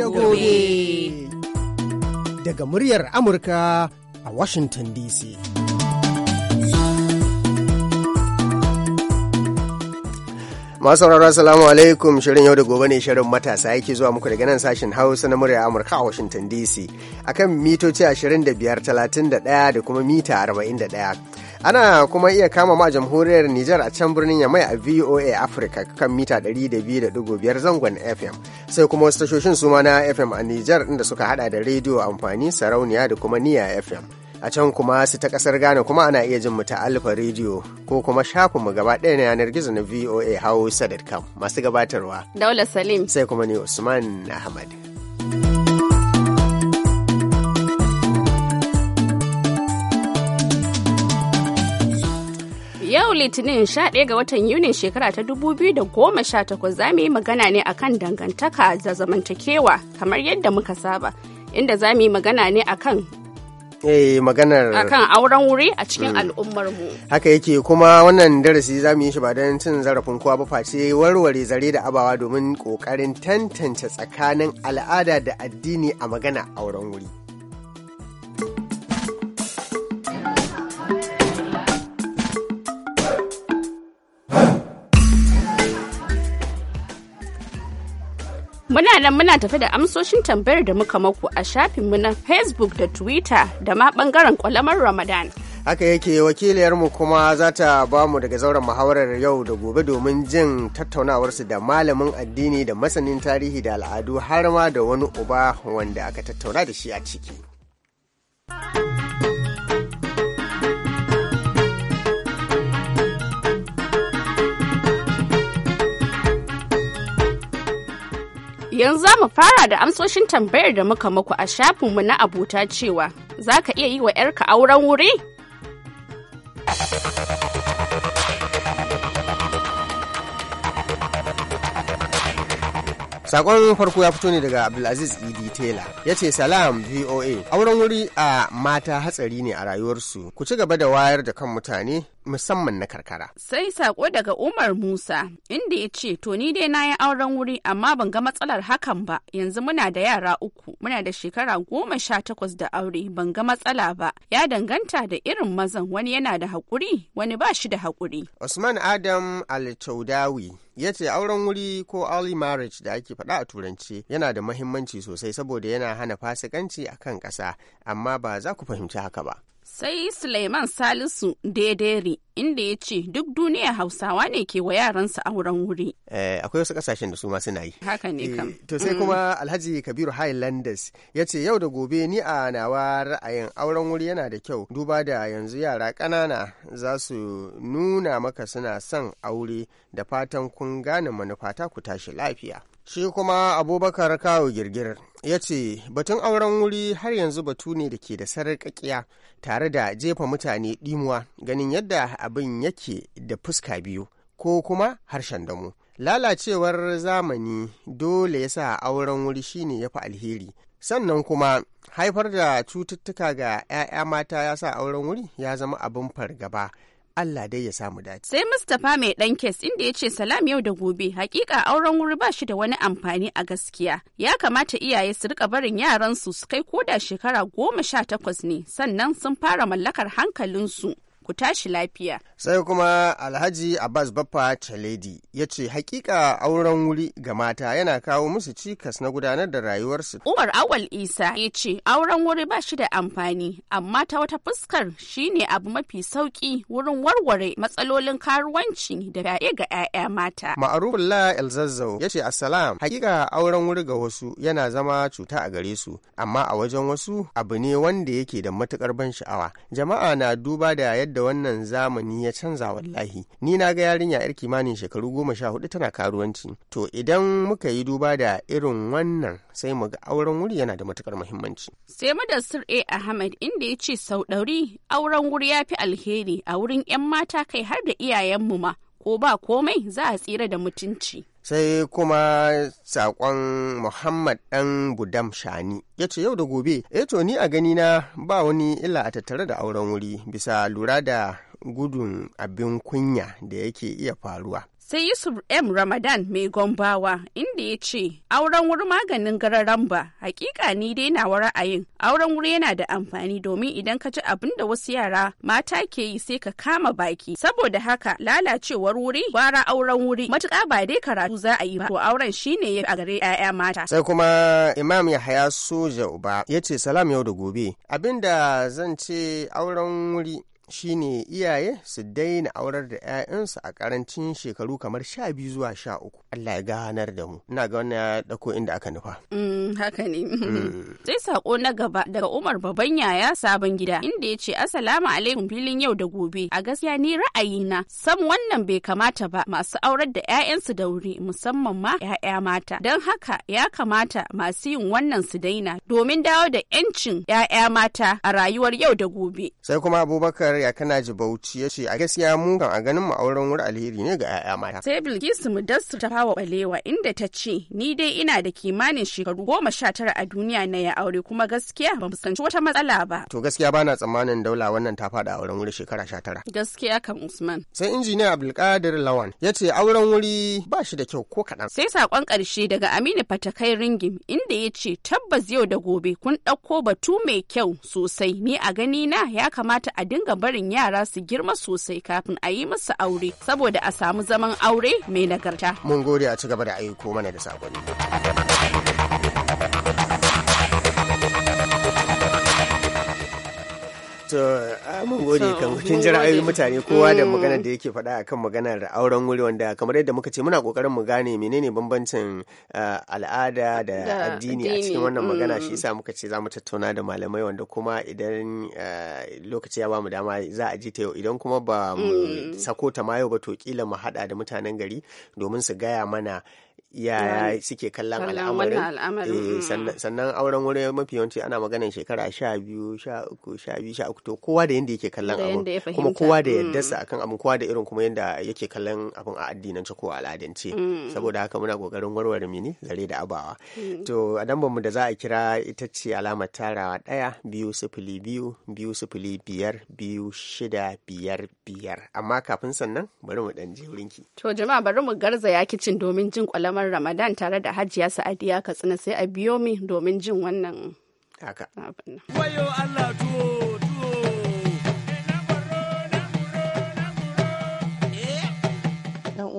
da gobe. Daga muryar Amurka a Washington DC. Masu sauraro salamu alaikum shirin yau da gobe ne shirin matasa yake zuwa muku daga nan sashen Hausa na murya Amurka a Washington DC akan mitoci 25, 31 da kuma mita 41. Ana kuma iya kama ma jamhuriyar Nijar a can birnin ya mai a VOA Africa kan mita 200.5 zangon FM. Sai kuma wasu tashoshin suma na FM a Nijar inda suka hada da rediyo amfani sarauniya da kuma niya FM. A can kuma su ta kasar Ghana kuma ana iya jin mu Alfa rediyo ko kuma shafin mu gaba ɗaya na yanar gizo na VOA Hausa.com masu gabatarwa. Daula Salim. Sai kuma ni Usman Ahmad. Yau Litinin 11 ga watan Yunin shekara ta dubu biyu da goma 2018 za mu yi magana ne akan dangantaka da zamantakewa kamar yadda muka saba, inda za mu yi magana ne akan Eh maganar akan auren wuri a cikin mm. al'ummarmu. Haka yake kuma wannan darasi za mu yi shi ba don cin zarafin kowa ba face warware zare da abawa domin kokarin tantance tsakanin al'ada da addini a magana auren wuri. Muna nan muna tafi da amsoshin tambayar da muka maku a shafinmu na Facebook da Twitter da ma bangaren kwalamar Ramadan. Haka yake wakiliyar mu kuma za ta ba mu daga zauren muhawarar yau da gobe domin jin tattaunawarsu da malamin addini da masanin tarihi da al'adu har ma da wani uba wanda aka tattauna da shi a ciki. Yanzu za mu fara da amsoshin tambayar da muka muku a shafinmu na abota cewa za ka iya yi wa 'yarka auren wuri? Sakon farko ya fito ne daga Abdulaziz Idi Tela. Ya ce salam VOA, auren wuri a mata hatsari ne a rayuwarsu. Ku ci gaba da wayar da kan mutane musamman na karkara. Sai sako daga Umar Musa inda ya ce to ni dai na yi auren wuri amma ban ga matsalar hakan ba yanzu muna da yara uku muna da shekara goma sha takwas da aure ban ga matsala ba ya danganta da irin mazan wani yana da haƙuri wani ba shi da haƙuri. Usman Adam al yace ya ce auren wuri ko early marriage da ake faɗa a turanci yana da mahimmanci sosai saboda yana hana fasikanci a kan ƙasa amma ba za ku fahimci haka ba. Sai Suleiman Salisu Dederi inda ya ce duk duniya Hausawa ne ke wa yaransu auren wuri. Eh, akwai wasu kasashen da su ma suna yi. Haka ne kam. Eh, to sai mm. kuma Alhaji Kabiru Highlanders ya ce yau da gobe ni a nawa ra'ayin auren wuri yana da kyau duba da yanzu yara ƙanana za su nuna maka suna son aure da fatan kun gane manufata ku tashi lafiya. Shi kuma Abubakar Kawo Girgir ya ce batun auren wuri har yanzu batu ne da ke da sarƙaƙiya tare da jefa mutane ɗimuwa ganin yadda abin yake da fuska biyu ko kuma harshen damu lalacewar zamani dole ya sa auren wuri shine ya fi alheri sannan kuma haifar da cututtuka ga 'ya'ya mata ya sa auren wuri ya zama abin fargaba Allah dai ya samu dace. Sai Mustapha mai ɗan kes inda ya ce salam yau da gobe hakika auren wuri ba shi da wani amfani a gaskiya. Ya kamata iyaye su rika barin yaransu su kai koda shekara goma sha takwas ne sannan sun fara mallakar hankalinsu. ku tashi lafiya. Sai kuma Alhaji Abbas Baffa Chaledi ya ce hakika auren wuri ga mata yana kawo musu cikas na gudanar da rayuwarsu. Umar Awal Isa ya ce auren wuri ba shi da amfani amma ta wata fuskar shine abu mafi sauki wurin warware matsalolin karuwanci da fyaɗe ga 'ya'ya mata. Ma'arufullah Elzazzau ya ce Assalam hakika auren wuri ga wasu yana zama cuta a gare su amma a wajen wasu abu ne wanda yake da matukar ban sha'awa. Jama'a na duba da yadda da wannan zamani ya canza wallahi ni na ga yarinya yar kimanin shekaru goma sha hudu tana karuwanci to idan muka yi duba da irin wannan sai mu ga auren wuri yana da matukar muhimmanci sai mu sir a ahmed inda ya ce sau dauri auren wuri ya fi alheri a wurin 'yan mata kai har da iyayen mu ma ko ba komai za a tsira da mutunci. sai kuma saƙon muhammad ɗan budam shani ya ce yau da gobe eto eh ni a gani na ba wani illa a tattare da auren wuri bisa lura da gudun abin kunya da yake iya faruwa sai yusuf m ramadan mai gombawa inda ya ce auren wuri maganin gararamba hakika ni dai nawa ra'ayin auren wuri yana da amfani domin idan ka ji abin da wasu yara mata ke yi sai ka kama baki saboda haka lalacewar wuri gwara auren wuri matuƙa ba dai karatu za a yi ba to auren shine ya a gare 'ya'ya mata sai kuma imam yahaya soja uba ya ce salam yau da gobe abinda zan ce auren wuri shine iyaye su daina aurar da 'ya'yansu a karancin shekaru kamar sha biyu zuwa sha uku Allah ya ganar da mu ina ga wannan ya dako inda aka nufa mm, haka ne mm. sai sako na gaba daga Umar baban yaya sabon gida inda ya ce assalamu alaikum filin yau da gobe a gaskiya ni ra'ayi na sam wannan bai kamata ba masu aurar da 'ya'yansu da wuri musamman ma 'ya'ya mata don haka ya kamata masu yin wannan su daina domin dawo da 'yancin 'ya'ya mata a rayuwar yau da gobe sai kuma Abubakar kana ji Bauchi ya ce a gaskiya mu kan a ganin mu auren wuri alheri ne ga 'ya'ya mata. Sai Bilkisu Mudassir ta fawa balewa inda ta ce ni dai ina da kimanin shekaru goma sha tara a duniya na ya aure kuma gaskiya ba sanci wata matsala ba. To gaskiya bana tsammanin daula wannan ta fada auren wuri shekara sha tara. Gaskiya kan Usman. Sai injiniya Abdulkadir Lawan ya ce auren wuri ba shi da kyau ko kaɗan. Sai saƙon ƙarshe daga Aminu Fatakai Ringim inda ya ce tabbas yau da gobe kun ɗauko batu mai kyau sosai ni a gani na ya kamata a dinga bar barin yara su girma sosai kafin a yi musu aure saboda a samu zaman aure mai nagarta. Mun gode a ci gaba da aiko mana da sakonni. To, mun gode kan kin jira ra'ayoyin mutane kowa da mm. magana da yake faɗa akan maganar auren wuri wanda kamar yadda muka ce muna kokarin mu gane menene bambancin al'ada da addini a cikin wannan magana mm. shi yasa muka ce za mu tattauna da malamai wanda kuma idan lokaci ya bamu dama za a ji ta yau idan kuma ba mu mm. sako ta ma yau ba to kila mu haɗa da mutanen gari domin su gaya mana yaya suke kallon al'amarin eh, mm. sannan auren wuri mafi yawanci ana magana shekara sha biyu sha uku sha biyu sha uku to kowa da yadda yake kallon abun kuma kowa da mm. yadda sa akan abun kowa da irin kuma yadda yake kallon abun a addinance ko al'adance mm. saboda haka muna kokarin warware mini zare da abawa to a mu da za a kira ita ce alamar tarawa ɗaya biyu sifili biyu biyu sifili biyar biyu shida biyar biyar amma kafin sannan bari mu ɗan je wurinki. to jama'a bari mu garza kicin domin jin kwalama azumin Ramadan tare da Hajiya Sa'adiya Katsina sai a biyo mi domin jin wannan haka.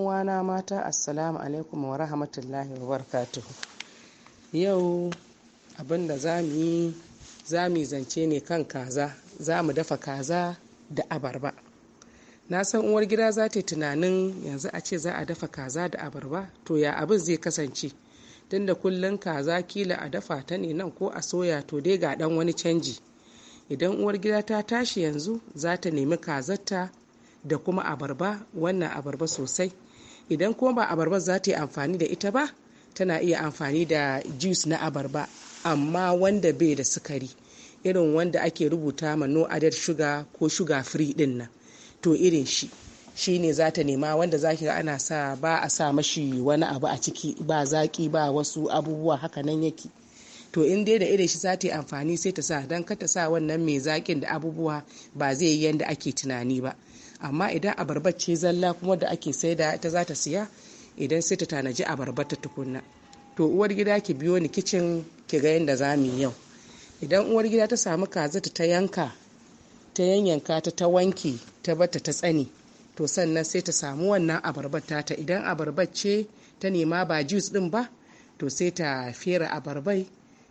uwana mata assalamu alaikum wa rahmatullahi wa barakatuhu. Yau abinda za mu yi za mu zance ne kan kaza za mu dafa kaza da abarba. na san uwar gida za ta yi tunanin yanzu a ce za a dafa kaza da abarba to ya abin zai kasance tunda kullum kaza kila a dafa ta ne nan ko a soya to dai ga dan wani canji idan uwar gida ta tashi yanzu za ta nemi kazarta da kuma abarba wannan abarba sosai idan kuma ba abarba za ta yi amfani da ita ba tana iya amfani da juice na abarba amma wanda bai da sukari irin wanda ake rubuta ma no added sugar ko sugar free din nan to irin shi shi ne za ta nema wanda za ki ga ana sa ba a sa mashi wani abu a ciki ba zaki ba wasu abubuwa haka nan yake to in dai da irin shi za ta yi amfani sai ta sa don ta sa wannan mai zaƙin da abubuwa ba zai yi yadda ake tunani ba amma idan abarbar ce zalla kuma da ake saida ita za ta siya idan sai ta tanaji abarbar ta tukunna to uwar gida ki biyo ni kicin ki ga yadda za mu yi yau idan uwar gida ta samu kaza ta yanka ta yanyanka ta ta wanke ta bata ta tsane to sannan sai ta samu wannan abarbar tata idan abarbar ce ta nema ba juice din ba to sai ta fera abarbai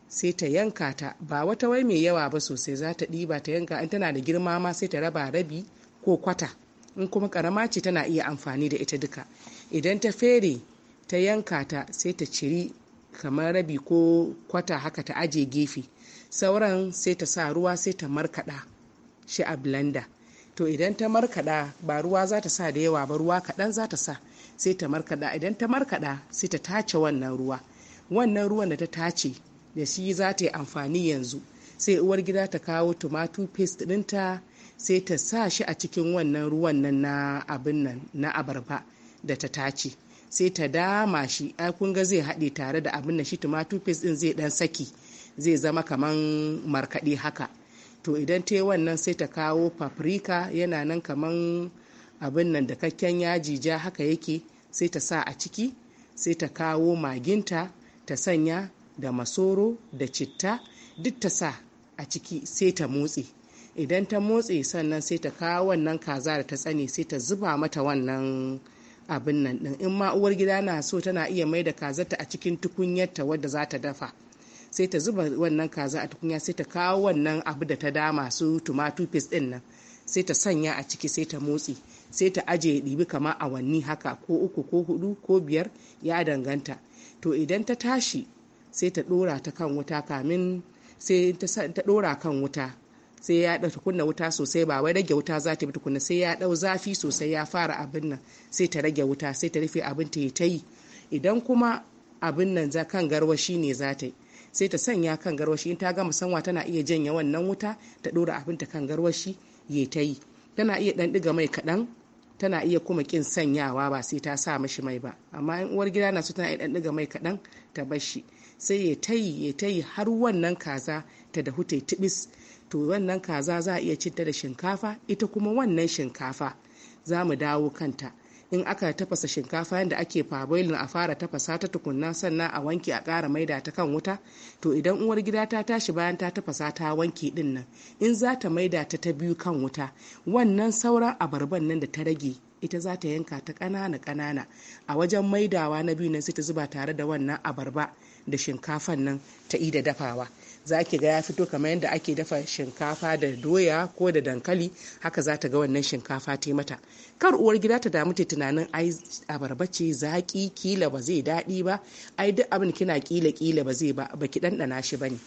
sai ta yanka ta ba wata wai mai yawa ba sosai za ta ɗiba ta yanka in tana da girma ma sai ta raba rabi ko kwata in kuma karama ce tana iya amfani da ita duka idan ta fere ta yanka ta sai ta ciri kamar rabi ko kwata haka ta aje gefe sauran sai ta sa ruwa sai ta markaɗa shi a blender to idan ta markaɗa ba ruwa za ta sa da yawa ba ruwa kaɗan za ta sa sai ta markaɗa idan ta markaɗa sai ta tace wannan ruwa wannan ruwan da ta tace da shi za ta yi amfani yanzu sai uwar gida ta kawo tomato paste ɗinta sai ta sa shi a cikin wannan ruwan nan na abin nan na abarba da ta tace sai ta dama shi ai kun ga zai haɗe tare da abin nan shi tomato paste ɗin zai ɗan saki zai zama kaman markaɗe haka to idan ta yi wannan sai ta kawo paprika yana nan kaman abin nan da kakken yaji ja haka yake sai ta sa a ciki sai ta kawo maginta ta sanya da masoro da citta duk ta sa a ciki sai ta motse idan ta motse sannan sai ta kawo wannan kaza da ta tsane sai ta zuba mata wannan abin nan din in ma uwar gida na so tana iya mai da kazarta a cikin tukunyarta wadda za ta dafa sai ta zuba wannan kaza a tukunya sai ta kawo wannan abu da ta dama su tomato paste din nan sai ta sanya a ciki sai ta motsi sai ta ajiye ɗibi kamar awanni haka ko uku ko hudu ko biyar ya danganta to idan ta tashi sai ta ɗora ta kan wuta kamin sai ta dora kan wuta sai ya ɗau tukunna wuta sosai ba wai rage wuta za ta bi tukunna sai ya ɗau zafi sosai ya fara abin nan sai ta rage wuta sai ta rufe abin ta yi ta yi idan kuma abin nan za kan garwashi ne za ta yi sai ta sanya kan garwashi in ta gama sanwa tana iya janya wannan wuta ta dora ta kan garwashi ya ta yi tana iya dan diga mai kaɗan tana iya kuma kin sanyawa ba sai ta sa mishi mai ba amma in uwar gida na so tana iya dan diga mai kaɗan ta bar shi sai ya ta yi ya ta yi har wannan kaza ta dahu ta tibis to wannan kaza za a iya cinta da shinkafa ita kuma wannan shinkafa za mu dawo kanta in aka tafasa shinkafa yadda ake faboilin a fara tafasa ta tukunna sannan a wanke a ƙara maida ta kan wuta to idan uwar gida ta tashi bayan ta tafasa ta wanke din nan in za ta maida ta ta biyu kan wuta wannan sauran abarban nan da ta rage ita za ta yanka ta ƙanana ƙanana a wajen maidawa na biyu nan sai ta zuba tare da wannan abarba da shinkafan nan ta da dafawa za ki ga ya fito kamar yadda ake dafa shinkafa da doya ko da dankali haka za ta ga wannan shinkafa ta mata kar uwar gida ta damu ta tunanin ai abarba ce zaki kila ba zai daɗi ba ai duk abin kina kila kila ba zai ba baki ɗanɗana shi ba ne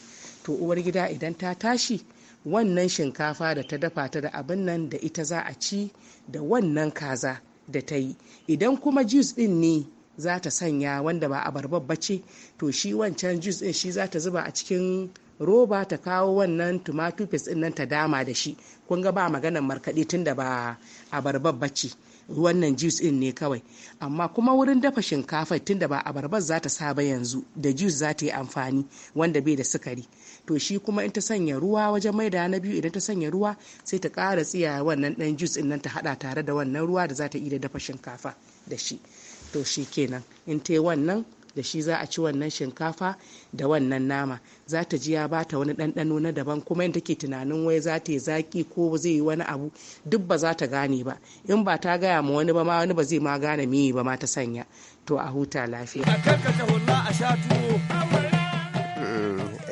to uwar gida idan ta tashi wannan shinkafa da ta dafa ta da abin nan da ita za a ci da wannan kaza da ta yi idan kuma jus din ne za ta sanya wanda ba abarbar ce to shi wancan jus din shi za ta zuba a cikin roba ta kawo wannan tomato paste din nan ta dama da shi kun ga ba maganar markaɗe tun da ba abarbar ba ce wannan jus din ne kawai amma kuma wurin dafa shinkafa tun da ba abarbar za ta saba yanzu da jus za ta yi amfani wanda bai da sukari to shi kuma in ta sanya ruwa wajen maida na biyu idan ta sanya ruwa sai ta ƙara tsiya wannan ɗan juice din nan ta haɗa tare da wannan ruwa da za ta yi da dafa shinkafa da shi to shi kenan in ta wannan da shi za a ci wannan shinkafa da wannan nama za ta ji ya bata wani ɗanɗano na daban kuma yadda take tunanin wai za ta yi zaƙi ko zai yi wani abu duk ba za ta gane ba in ba ta gaya ma wani ba ma wani ba zai ma gane miyi ba ma ta sanya to a huta lafiya.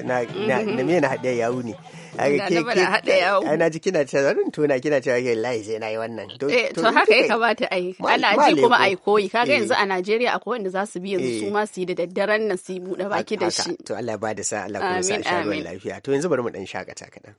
na na mm-hmm. na hade yawu ne ke ke na ji kina cewa ran tona kina cewa ke lai sai nayi wannan to eh, to haka ya kamata ai ala ji kuma ai koyi kaga yanzu a eh. Najeriya akwai wanda za su bi yanzu su eh. ma su yi da daddaren nasibu da baki da shi to Allah ya bada sa Allah kuma sa sharuwar lafiya to yanzu bari mu dan shakata kadan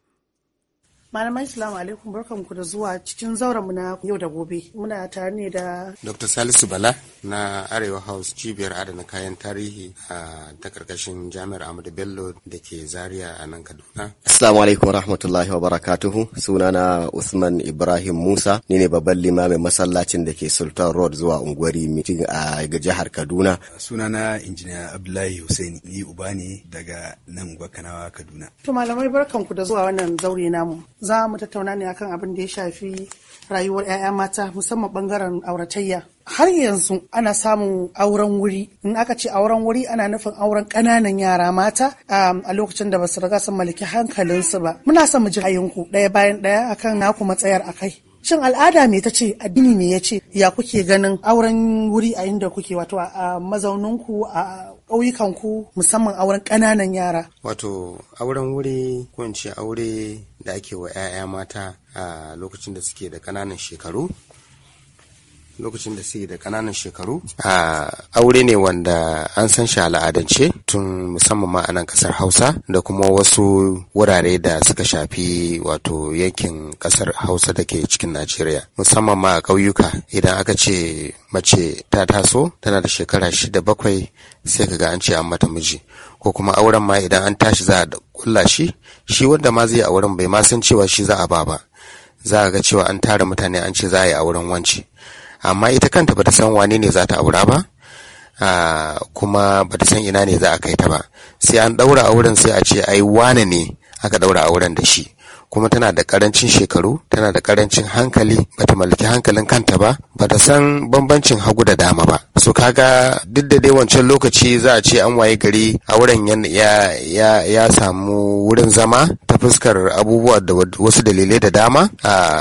Malamai salamu alaikum barkanku da zuwa cikin zauren na yau da gobe. Muna tare ne da Dr. Salisu Bala na Arewa House cibiyar adana kayan tarihi a ta karkashin Jami'ar Ahmadu Bello da ke Zaria a nan Kaduna. Assalamu alaikum rahmatullahi wa barakatuhu. Sunana Usman Ibrahim Musa ni ne babban limamin masallacin da ke Sultan Road zuwa unguwari mitin a jihar Kaduna. Sunana Injiniya Abdullahi Hussein ni uba ne daga nan Gwakanawa Kaduna. To malamai barkanku da zuwa wannan zaure namu. za mu tattauna ne akan abin da ya shafi rayuwar 'ya'ya mata musamman bangaren auratayya har yanzu ana samun auren wuri in aka ce auren wuri ana nufin auren ƙananan yara mata a lokacin da basu riga sun mallaki hankalinsu ba muna son mu ji ra'ayinku ɗaya bayan ɗaya akan naku matsayar akai shin al'ada me ta ce addini me ya ce ya kuke ganin auren wuri a inda kuke wato a mazauninku a ƙauyukanku musamman auren ƙananan yara wato auren wuri ko aure da ake wa 'ya'ya mata a lokacin da suke da ƙananan shekaru lokacin da suke da kananan shekaru a aure ne wanda an san shi al'adance tun musamman ma a nan kasar hausa da kuma wasu wurare da suka shafi wato yankin kasar hausa da ke cikin najeriya musamman ma a ƙauyuka idan aka ce mace ta taso tana da shekara shida bakwai sai ka ga an ce an mata miji ko kuma auren ma idan an tashi za a kulla shi shi wanda ma zai yi auren bai ma san cewa shi za a ba ba za a ga cewa an tara mutane an ce za a yi auren wance amma ita kanta bata san wane ne za ta aura ba kuma bata san ina ne za a kai ta ba sai an daura auren sai a ce ai wane ne aka daura auren da shi kuma tana da karancin shekaru tana da karancin hankali bata mallaki hankalin kanta ba bata san bambancin hagu da dama ba so kaga duk da dai wancan lokaci za a ce an waye gari auren ya ya ya samu wurin zama ta fuskar abubuwa da wasu dalilai da dama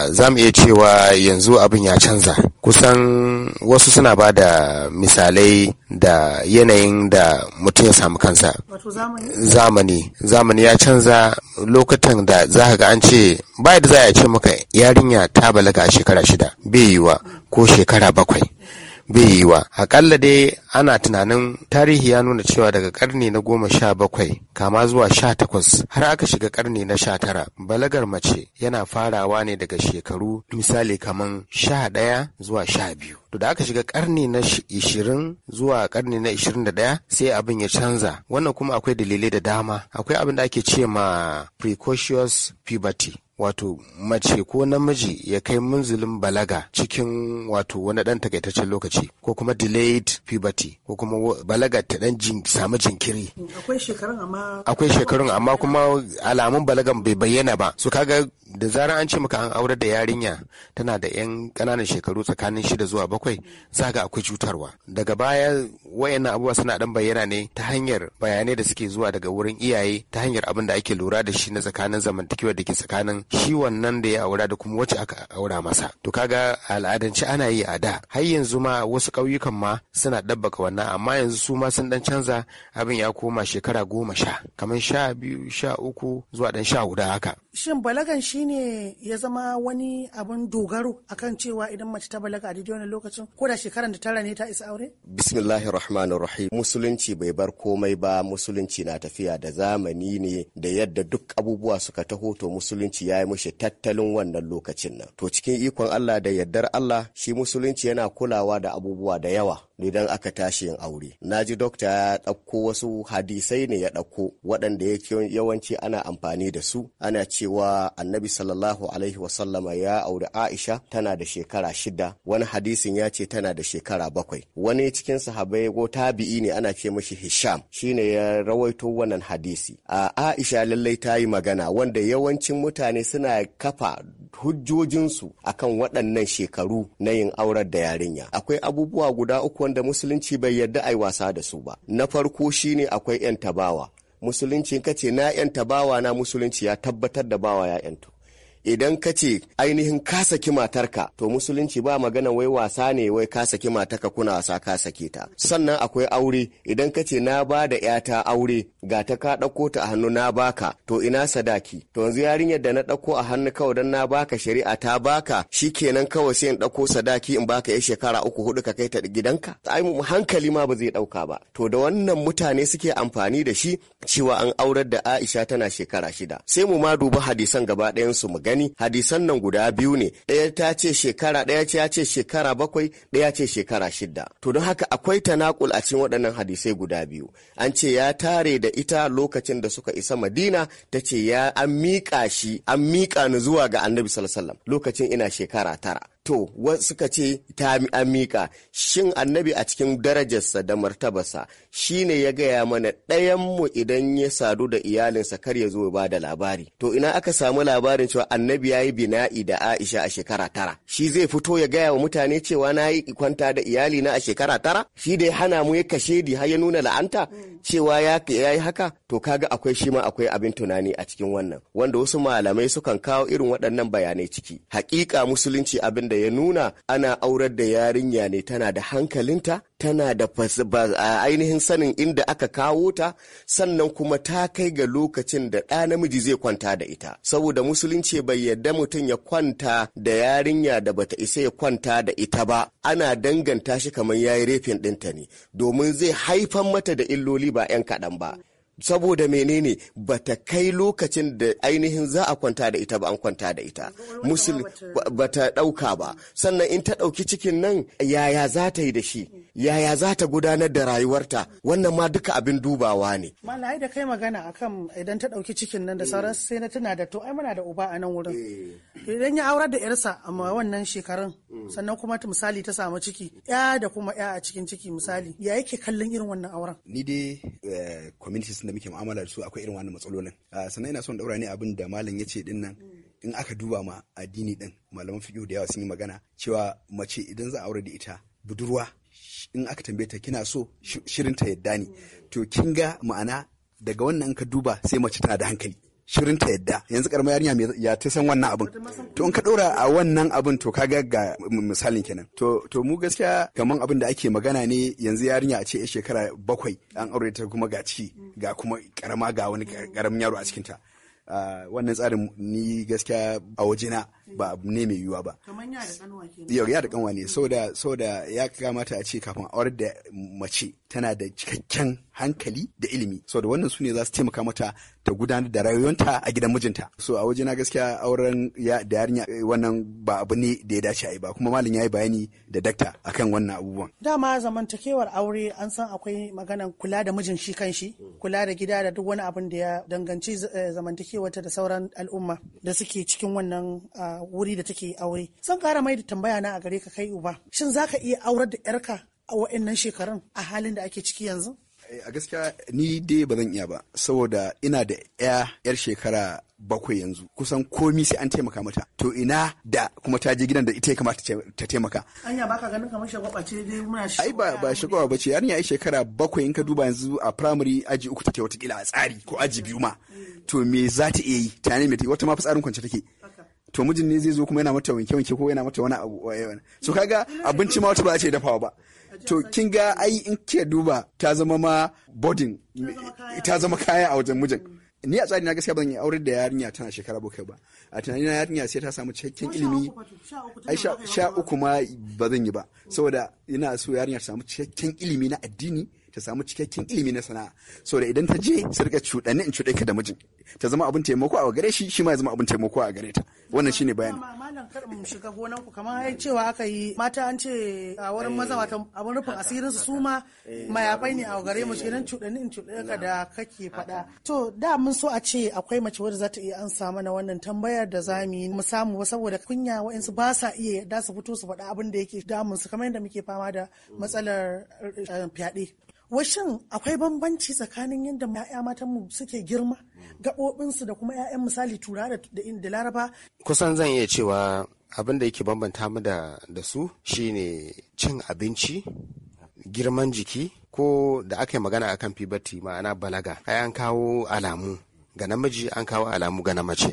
za mu iya cewa yanzu abin ya canza kusan wasu suna ba da misalai da yanayin da mutum ya samu kansa zamani zamani ya canza lokacin da za ga an ce ba da za a ce maka yarinya ta balaga a shekara shida bai yiwa ko shekara bakwai bai yi wa akalla dai ana tunanin tarihi ya nuna cewa daga karni na goma sha bakwai kama zuwa sha takwas har aka shiga karni na sha tara balagar mace yana farawa ne daga shekaru misali kaman sha ɗaya zuwa sha biyu to da aka shiga karni na ishirin zuwa karni na ishirin da ɗaya sai abin ya canza wannan kuma akwai dalilai da dama akwai abin da ake ce ma precocious puberty wato mace ko namiji ya kai munzulin balaga cikin wato wani ɗan takaitaccen lokaci ko kuma delayed puberty ko kuma balaga ta ɗan samu jinkiri. Akwai shekarun amma. kuma alamun balagan bai bayyana ba. su kaga da zarar an ce maka an aure da yarinya tana da 'yan ƙananan shekaru tsakanin shida zuwa bakwai za ga akwai cutarwa daga baya wayan abubuwa suna dan bayyana ne ta hanyar bayanai da suke zuwa daga wurin iyaye ta hanyar abin da ake lura da shi na tsakanin zamantakewa da ke tsakanin shi wannan da ya aura da kuma wacce aka aura masa to kaga al'adance ana yi a da har yanzu ma wasu ƙauyukan ma suna ɗabbaka wannan amma yanzu su ma sun dan canza abin ya koma shekara goma sha kamar sha biyu sha uku zuwa dan sha hudu haka shin balagan shine ya zama wani abin dogaro akan cewa idan mace ta balaga a daidai lokacin ko da shekaran da tara ne ta isa aure bismillahi rahmanir rahim musulunci bai bar komai ba musulunci na tafiya da zamani ne da yadda duk abubuwa suka taho to musulunci ya yi mushi tattalin wannan lokacin nan to cikin ikon Allah da yardar Allah shi musulunci yana kulawa da abubuwa da yawa idan aka tashi yin aure. Na ji dokta ya ɗauko wasu hadisai ne ya ɗauko waɗanda yawanci ana amfani da su ana ci cewa annabi sallallahu alaihi wasallama ya auri aisha tana da shekara shida wani hadisin ya ce tana da shekara bakwai wani cikin sahabai ko tabi'i ne ana ce mashi hisham shine ya rawaito wannan hadisi a aisha lallai ta yi magana wanda yawancin mutane suna kafa hujjojinsu akan waɗannan shekaru na yin aurar da yarinya akwai abubuwa guda uku wanda musulunci bai yarda a yi wasa da su ba na farko shine akwai 'yan tabawa musulunci ka ce na yanta bawa na musulunci ya tabbatar da bawa ya idan ka ce ainihin ka saki matarka to musulunci ba magana wai wasa ne wai ka saki matarka kuna wasa ka sake ta sannan akwai aure idan ka ce na ba da yata aure ga ta ka ɗauko ta a hannu na baka to ina sadaki to yanzu yarinyar da na ɗauko a hannu kawai don na baka shari'a ta baka shi kenan kawai sai in ɗauko sadaki in baka yan shekara uku hudu ka kai ta gidanka ai hankali ma ba zai ɗauka ba to da wannan mutane suke amfani da shi cewa an aurar da Aisha tana shekara shida sai mu ma duba hadisan gaba ɗayan su mu gani hadisan nan guda biyu ne ɗaya ta ce shekara ɗaya ce ya ce shekara bakwai ɗaya ce shekara shidda to don haka akwai tanakul a cikin waɗannan hadisai guda biyu an ce ya tare da ita lokacin da suka isa madina ta ce ya an miƙa shi an miƙa ni zuwa ga annabi sallallahu alaihi lokacin ina shekara tara to suka ce ta amika shin annabi a cikin darajarsa da martabarsa shi ne ya gaya mana ɗayanmu idan ya sadu da iyalinsa kar ya zo ba da labari to ina aka samu labarin cewa annabi ya yi bina'i da aisha a shekara tara shi zai fito ya gaya wa mutane cewa na yi kwanta da iyalina a shekara tara shi da ya hana mu ya kashe di har ya nuna la'anta cewa ya yi haka to kaga akwai shi ma akwai abin tunani a cikin wannan wanda wasu malamai sukan kawo irin waɗannan bayanai ciki hakika musulunci abin da ya nuna ana aurar da yarinya ne tana da hankalinta tana da ainihin sanin inda aka kawo ta sannan kuma ta kai ga lokacin da ɗa namiji zai kwanta da ita saboda musulunci bai yarda mutum ya kwanta da yarinya da bata isa ya kwanta da ita ba ana danganta shi kamar yayi refin ɗinta ne domin zai haifan mata da illoli ba 'yan kaɗan ba saboda menene ba ta kai lokacin da ainihin za a kwanta da ita ba an kwanta da ita musulun ba ta ɗauka ba sannan in ta ɗauki cikin nan yaya za ta yi da shi yaya za ta gudanar da rayuwarta wannan ma duka abin dubawa ne. Mala ai da kai magana akan idan ta ɗauki cikin nan da eh. sauran sai na tuna da to ai muna da uba a nan wurin. Eh. Idan ya aurar da yarsa a mm. wannan shekarun mm. sannan kuma misali ta samu ciki ya da kuma ya a cikin ciki misali mm. ya yake kallon irin wannan auren. Ni dai eh, communities da muke mu'amala da su akwai irin wannan matsalolin. Ah, sannan ina son ɗaura ne abin da malam ya ce din nan. in aka duba ma addini din malaman fiƙo da yawa sun yi magana cewa mace idan za a aure da ita budurwa in aka tambaye ta kina so shirin ta yadda ne to kin ga ma'ana daga wannan in ka duba sai mace tana da hankali shirin ta yadda yanzu karma yarinya ya ta san wannan abin to in ka dora a wannan abin to kaga ga misalin kenan to to mu gaskiya kaman abin da ake magana ne yanzu yarinya a ce shekara bakwai an aure ta kuma ga ciki ga kuma karama ga wani karamin yaro a cikin ta ah, wannan tsarin ni gaskiya a wajena ba abu ne mai yiwuwa ba yau ya da kanwa ne da ya kamata a ce kafin aurar da mace tana da cikakken hankali da ilimi da wannan su ne za su taimaka mata ta gudanar da rayuwanta a gidan mijinta so a wajen wajena gaskiya auren da yarinya eh, wannan ba abu ne da ya dace a yi ba kuma malin ya yi bayani da dakta akan wannan abubuwan dama zamantakewar aure an san akwai maganan kula da mijin shi kanshi kula da gida da duk wani abin da ya danganci eh, zamantakewarta da sauran al'umma da suke cikin wannan ah, wuri da take aure zan kara mai da tambaya na a gare ka kai uba shin za ka iya aurar da yarka a wa'annan shekarun a halin da ake ciki yanzu eh, a gaskiya ni dai ba zan iya ba saboda ina da ya yar shekara bakwai yanzu kusan komi sai an taimaka mata to ina da kuma ta je gidan da ita ya kamata ta taimaka anya baka ganin kamar shagwaba ce dai muna shi ai ba ba shagwaba bace yarinya yi shekara bakwai in ka duba yanzu a primary aji uku take wata kila a tsari ko aji biyu ma mm. to me za ta iya yi ta ne wata ma fitsarin kwance take to mijin ne zai zo kuma yana mata wanke wanke ko yana mata wani abu so kaga abinci ma wata ba ce dafawa ba to kin ga ai in ke duba ta zama ma bodin ta zama kaya a wajen mijin ni a tsari na gaskiya ban yi aure da yarinya tana shekara bakwai ba a tunani na yarinya sai ta samu cikakken ilimi ai sha uku ma ba zan yi ba saboda ina so yarinya ta samu cikakken ilimi na addini ta samu cikakken ilimi na sana'a da idan ta je su rika cuɗanni in cuɗe ka da mijin ta zama abin taimako a gare shi shi ma ya zama abin taimako a gare ta wannan shine bayani malam kar mu shiga gonan ku kamar ai cewa aka yi mata an ce a wurin maza wata abin rufin asirin su su ma mayafai ne a gare mu shirin cuɗanni in cuɗe ka da kake faɗa to da mun so a ce akwai mace wadda za ta iya ansa mana wannan tambayar da za mu yi mu samu saboda kunya wa'insu ba sa iya yadda su fito su faɗa abin da yake damun su kamar yadda muke fama da matsalar eh, fyaɗe Washin akwai bambanci tsakanin yadda 'ya'ya matanmu suke girma gaɓoɓinsu da kuma 'ya'yan misali tura da laraba. Kusan zan iya cewa abin da yake bambanta mu da su shine cin abinci, girman jiki ko da aka yi magana kan fibati ma'ana balaga. Ai an kawo alamu ga namiji an kawo alamu ga na mace.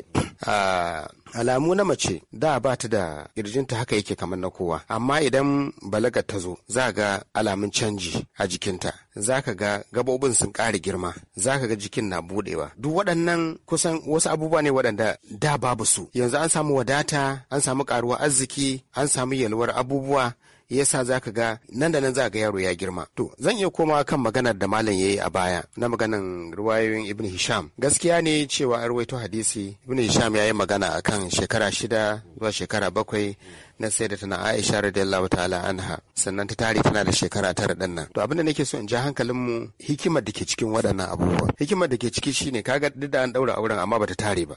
alamu na mace da ba ta da ƙirjinta haka yake kamar na kowa amma idan balagar ta zo za ga alamun canji a jikinta za ka ga gabobin sun ƙara girma za ka ga jikin na budewa duk waɗannan kusan wasu abubuwa ne waɗanda da babu su yanzu an samu wadata an samu ƙaruwar arziki an samu yalwar abubuwa yasa za ka ga nan da nan za ga yaro ya girma to zan iya koma kan maganar da malam ya yi a baya na maganar ruwayoyin ibn hisham gaskiya ne cewa a rawaito hadisi ibn hisham ya yi magana a kan shekara shida zuwa shekara bakwai na sai da tana aisha radiyallahu ta'ala anha sannan ta tare tana da shekara tara din nan to abinda nake so in ja hankalin mu hikimar da ke cikin waɗannan abubuwa hikimar da ke ciki shine kaga duk da an ɗaura auren amma bata tare ba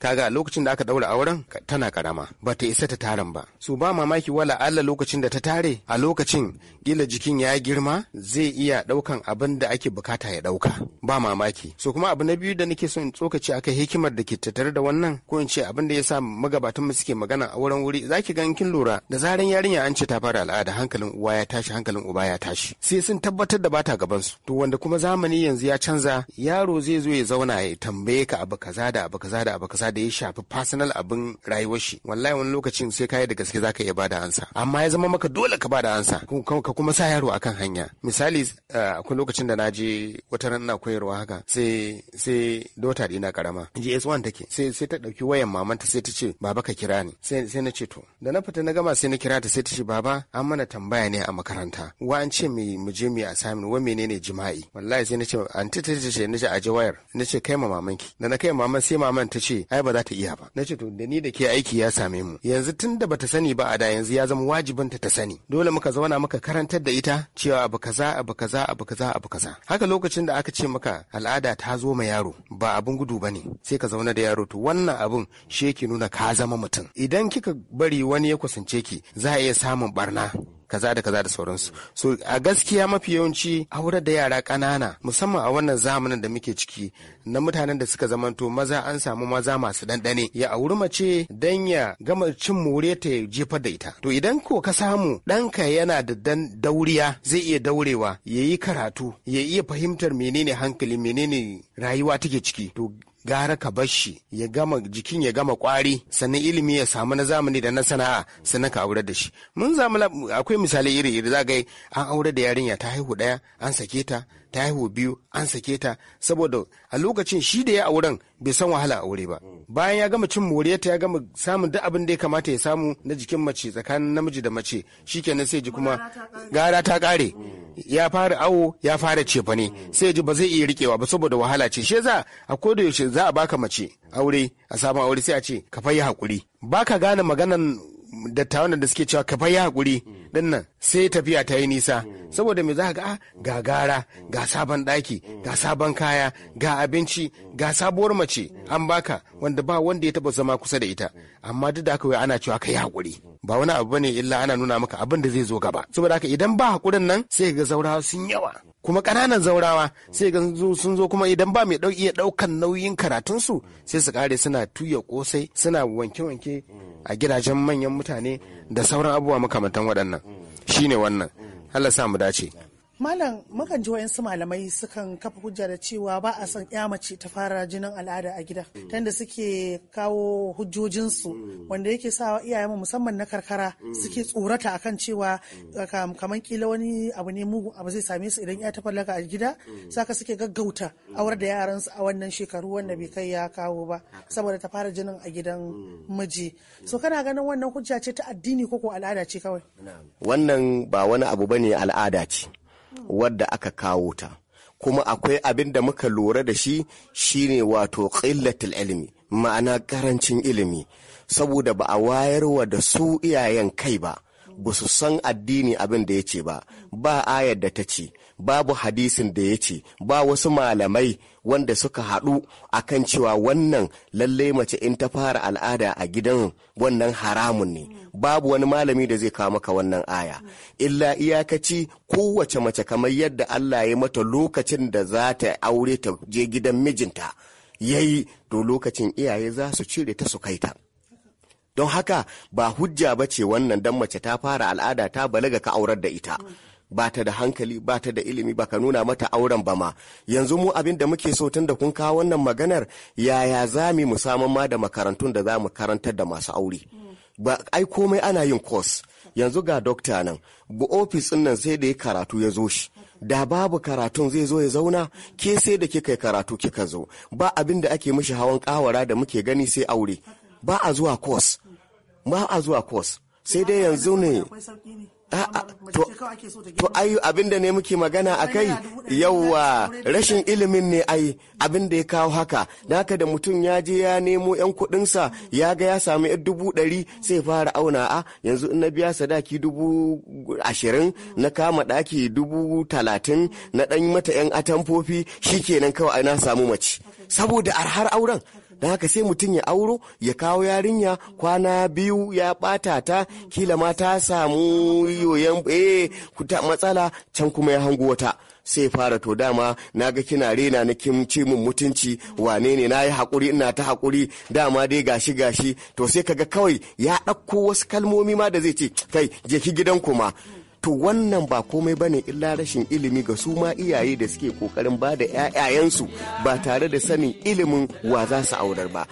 kaga lokacin da aka daura auren tana karama ba ta isa ta taran ba su ba mamaki wala alla lokacin da ta tare a lokacin gila jikin ya girma zai iya daukan abin da ake bukata ya dauka ba mamaki so kuma abu na biyu da nake son tsokaci akai hikimar da ke tattare da wannan ko in ce abin da yasa magabatan mu suke magana a wurin wuri zaki ga kin lura da zaran yarinya an ce ta fara al'ada hankalin uwa ya tashi hankalin uba ya tashi sai sun tabbatar da bata gaban su to wanda kuma zamani yanzu ya canza yaro zai zo ya zauna ya tambaye ka abu kaza da abu kaza da abu kaza da ya shafi personal abin rayuwar shi wallahi wani lokacin sai kai da gaske zaka iya bada ansa amma ya zama maka dole ka bada ansa ka kuma sa yaro akan hanya misali eh, akwai lokacin da naje wata ran na koyarwa haka sai sai dota dina karama s 1 take sai sai ta dauki wayan mamanta sai ta ce baba ka kira ni sai sai na ce to da na fita na gama sai na kira ta sai ta ce baba an mana tambaya ne a makaranta wa an ce mu je mu yi assignment wa menene jima'i wallahi sai na ce anti ta ce na ce aje wayar na ce kai ma mamanki da na kai maman sai maman ta ce ai ai ba za ta iya ba na ce to da ni da ke aiki ya same mu yanzu tun da bata sani ba a da yanzu ya zama wajibin ta ta sani dole muka zauna muka karantar da ita cewa abu kaza abu kaza abu kaza abu kaza haka lokacin da aka ce maka al'ada ta zo ma yaro ba abun gudu ba ne sai ka zauna da yaro to wannan abun shi yake nuna ka zama mutum idan kika bari wani ya kusance ki za a iya samun barna kaza da kaza da sauransu so a gaskiya mafi yawanci aurar da yara ƙanana musamman a wannan zamanin da muke ciki na mutanen da suka zamanto maza an samu maza masu ɗanɗane ya auri mace dan ya gama cin more ta jefar da ita to idan ko ka samu ɗanka yana da dan dauriya zai iya daurewa ya yi karatu ya iya fahimtar menene hankali menene rayuwa take ciki to gara ka bar shi ya gama jikin ya gama kwari sannan ilimi ya samu na zamani da na sana'a sannan ka aure da shi mun zamu akwai misali iri iri za an aure da yarinya ta haihu daya an sake ta ta haihu biyu an sake ta saboda a lokacin shi da ya auren bai san wahala a aure ba bayan ya gama cin moriyarta ya gama samun duk abin da ya kamata ya samu na jikin mace tsakanin namiji da mace shikenan sai ji kuma gara ta kare ya fara awo ya fara cefa ne sai ji ba zai iya rikewa ba saboda wahala ce shi za a kodayaushe yaushe za a baka mace aure a samu aure sai a ce ka fayi hakuri baka gane maganan dattawan da suke cewa ka ya hakuri din nan sai tafiya ta yi nisa saboda me za ka ga ah, gara ga sabon daki ga sabon kaya ga abinci ga sabuwar mace an baka wanda ba wanda ya taba zama kusa da ita amma duk da haka ana cewa ka yi hakuri ba wani abu bane illa ana nuna maka abin da zai zo gaba saboda haka idan ba hakurin nan sai ga zaurawa sun yawa kuma ƙananan zaurawa sai ga sun zo kuma idan ba mai iya ɗaukan nauyin karatunsu sai su ƙare suna tuya kosai suna wanke-wanke a gidajen manyan mutane da sauran abubuwa makamantan waɗannan shine wannan Allah sa mu dace Malam makan ji wayansu malamai sukan kafa hujja da cewa ba a son ya mace ta fara jinin al'ada a gida mm. tanda suke kawo hujjojinsu mm. wanda yake sa iyayenmu musamman na karkara mm. suke tsorata akan cewa kamar kila wani abu ne mugu abu zai same su idan ya ta fallaka a gida saka suke gaggauta awar da yaransu a wannan shekaru wanda bai kai ya kawo ba saboda ta fara jinin a gidan miji so kana ganin wannan hujja ce ta addini ko ko al'ada ce kawai wannan ba wani abu bane al'ada ce wadda aka kawo ta kuma akwai abin da muka lura da shi shine wato ƙillatul ilimi ma'ana ƙarancin ilimi saboda ba a wayarwa da su iyayen kai ba ba su san addini abin da ya ce ba ba ayar da ta ce babu hadisin da ya ce ba wasu malamai wanda suka haɗu a kan cewa wannan lalle mace in ta fara al'ada a gidan wannan haramun ne babu wani malami da zai kawo maka wannan aya illa iyakaci kowace mace kamar yadda Allah ya mata lokacin da za ta aure ta je gidan mijinta yayi to lokacin iyaye za su cire ta su kaita ta don haka ba hujja ba ce wannan dan mace ta fara al'ada ta balaga ka aurar da ita ba ta da hankali ba ta da ilimi ba ka nuna mata auren ba ma yanzu mu abin da muke so tun da kun kawo wannan maganar yaya za mu musamman ma da makarantun da za mu karantar da masu aure ba ai komai ana yin course yanzu ga dokta nan bu ofis nan sai da ya karatu ya zo shi da babu karatun zai zo ya zauna ke sai da kika yi karatu kika zo ba abin da ake mishi hawan kawara da muke gani sai aure ba a zuwa kwas ba a zuwa kwas sai dai yanzu ne to ai abinda ne muke magana a kai yauwa rashin ilimin ne ai abinda ya kawo haka da haka da mutum ya je ya nemo yan kudinsa ya ga ya sami yan dubu ɗari sai fara auna a yanzu in na biya sadaki dubu ashirin na kama daki dubu talatin na ɗan mata yan atamfofi shi shikenan kawai na samu mace saboda arhar auren don haka sai mutum ya auro ya kawo yarinya kwana biyu ya bata ta kila ma ta samu yoyon eh matsala can kuma ya hango wata sai fara to dama na ga kina rena na kin ce min mutunci wane ne na yi haƙuri ina ta haƙuri dama dai gashi gashi to sai kaga kawai ya ɗauko wasu kalmomi ma da zai ce kai je ki gidan kuma to wannan ba komai bane illa rashin ilimi ga su ma iyaye da suke kokarin ba da 'ya'yayensu ba tare da sanin ilimin wa za su aurar ba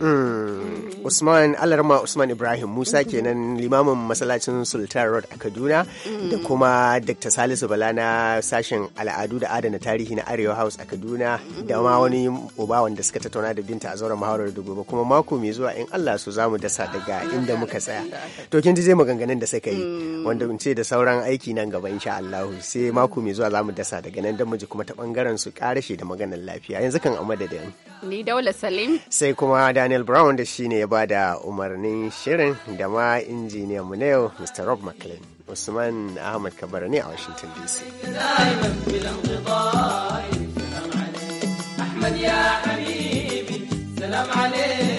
Hmm. Usman Alarma Usman Ibrahim Musa kenan limamin masallacin Sultan Road a Kaduna da hmm. kuma Dr. Salisu Bala na sashen al'adu da adana tarihi na Arewa House a Kaduna da ma wani uba wanda suka tattauna da binta a zauren muhawarar da gobe kuma mako mai zuwa in Allah su zamu dasa daga inda muka tsaya. To kin ji zai maganganun da suka yi hmm. wanda in ce da sauran aiki nan gaba insha Allah sai mako mai zuwa zamu dasa daga nan dan mu kuma ta bangaren su karashe da maganar lafiya yanzu kan a Ni Daula Salim. Sai kuma da daniel brown da shine ya bada umarnin shirin da ma injiniyan mu na yau mr rob mclean usman ahmad kabara ne a washington dc أحمد يا حبيبي سلام عليك